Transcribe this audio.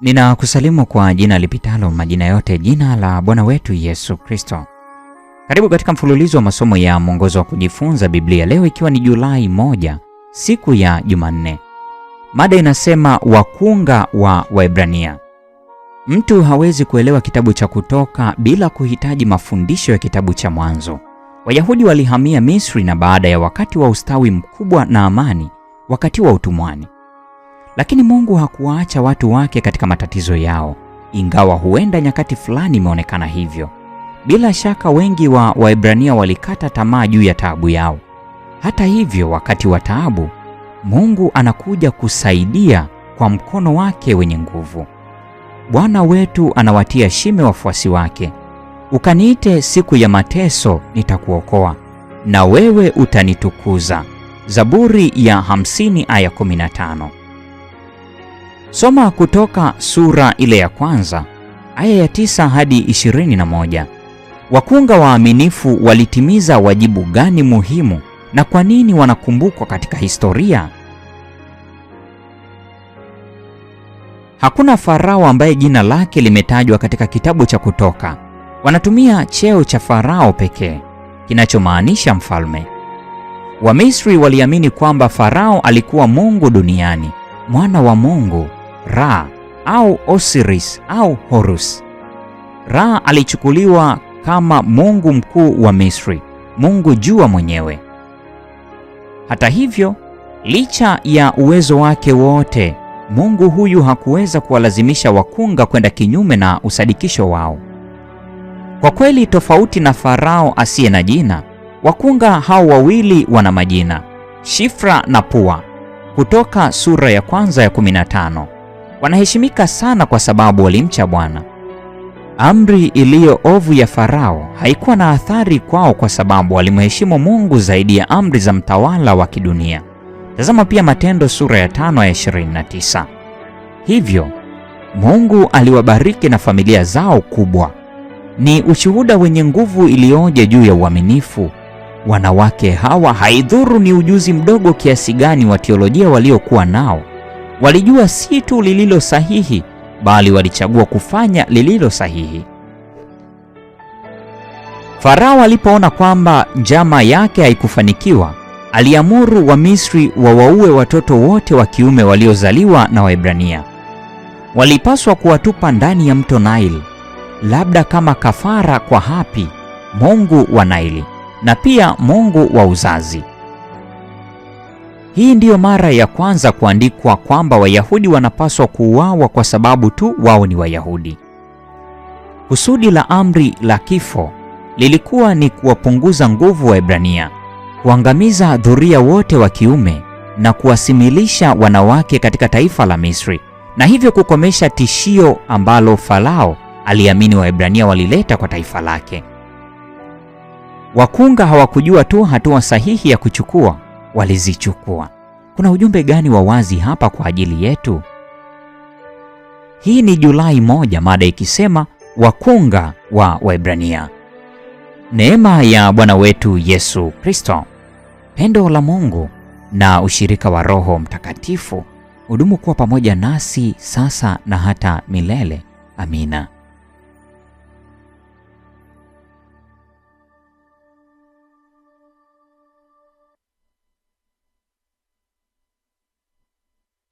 Ninakusalimu kwa jina lipitalo majina yote, jina la Bwana wetu Yesu Kristo. Karibu katika mfululizo wa masomo ya mwongozo wa kujifunza Biblia, leo ikiwa ni Julai moja, siku ya Jumanne. Mada inasema wakunga wa Waebrania. Mtu hawezi kuelewa kitabu cha Kutoka bila kuhitaji mafundisho ya kitabu cha Mwanzo. Wayahudi walihamia Misri na baada ya wakati wa ustawi mkubwa na amani, wakati wa utumwani lakini Mungu hakuwaacha watu wake katika matatizo yao, ingawa huenda nyakati fulani imeonekana hivyo. Bila shaka wengi wa Waebrania walikata tamaa juu ya taabu yao. Hata hivyo, wakati wa taabu, Mungu anakuja kusaidia kwa mkono wake wenye nguvu. Bwana wetu anawatia shime wafuasi wake. Ukaniite siku ya mateso, nitakuokoa na wewe utanitukuza. Zaburi ya 50 aya 15. Soma kutoka sura ile ya kwanza aya ya tisa hadi ishirini na moja. Wakunga waaminifu walitimiza wajibu gani muhimu na kwa nini wanakumbukwa katika historia? Hakuna farao ambaye jina lake limetajwa katika kitabu cha Kutoka. Wanatumia cheo cha farao pekee kinachomaanisha mfalme. Wamisri waliamini kwamba farao alikuwa mungu duniani, mwana wa Mungu. Ra au Osiris au Horus. Ra alichukuliwa kama mungu mkuu wa Misri, mungu jua mwenyewe. Hata hivyo, licha ya uwezo wake wote, mungu huyu hakuweza kuwalazimisha wakunga kwenda kinyume na usadikisho wao. Kwa kweli, tofauti na Farao asiye na jina, wakunga hao wawili wana majina, Shifra na Pua, kutoka sura ya kwanza ya 15 wanaheshimika sana kwa sababu walimcha Bwana. Amri iliyo ovu ya Farao haikuwa na athari kwao kwa sababu walimheshimu Mungu zaidi ya amri za mtawala wa kidunia. Tazama pia Matendo sura ya tano ya 29. Hivyo Mungu aliwabariki na familia zao kubwa. Ni ushuhuda wenye nguvu iliyoje juu ya uaminifu. Wanawake hawa, haidhuru ni ujuzi mdogo kiasi gani wa teolojia waliokuwa nao, walijua si tu lililo sahihi, bali walichagua kufanya lililo sahihi. Farao alipoona kwamba njama yake haikufanikiwa, aliamuru Wamisri wawaue watoto wote wa kiume waliozaliwa na Waebrania. Walipaswa kuwatupa ndani ya mto Nile, labda kama kafara kwa Hapi, mungu wa Naili na pia mungu wa uzazi. Hii ndiyo mara ya kwanza kuandikwa kwamba Wayahudi wanapaswa kuuawa kwa sababu tu wao ni Wayahudi. Kusudi la amri la kifo lilikuwa ni kuwapunguza nguvu wa Ebrania, kuangamiza dhuria wote wa kiume na kuwasimilisha wanawake katika taifa la Misri, na hivyo kukomesha tishio ambalo Farao aliamini Waebrania walileta kwa taifa lake. Wakunga hawakujua tu hatua sahihi ya kuchukua walizichukua. Kuna ujumbe gani wa wazi hapa kwa ajili yetu? Hii ni Julai moja, mada ikisema wakunga wa Waebrania. Neema ya Bwana wetu Yesu Kristo, pendo la Mungu na ushirika wa Roho Mtakatifu udumu kuwa pamoja nasi sasa na hata milele. Amina.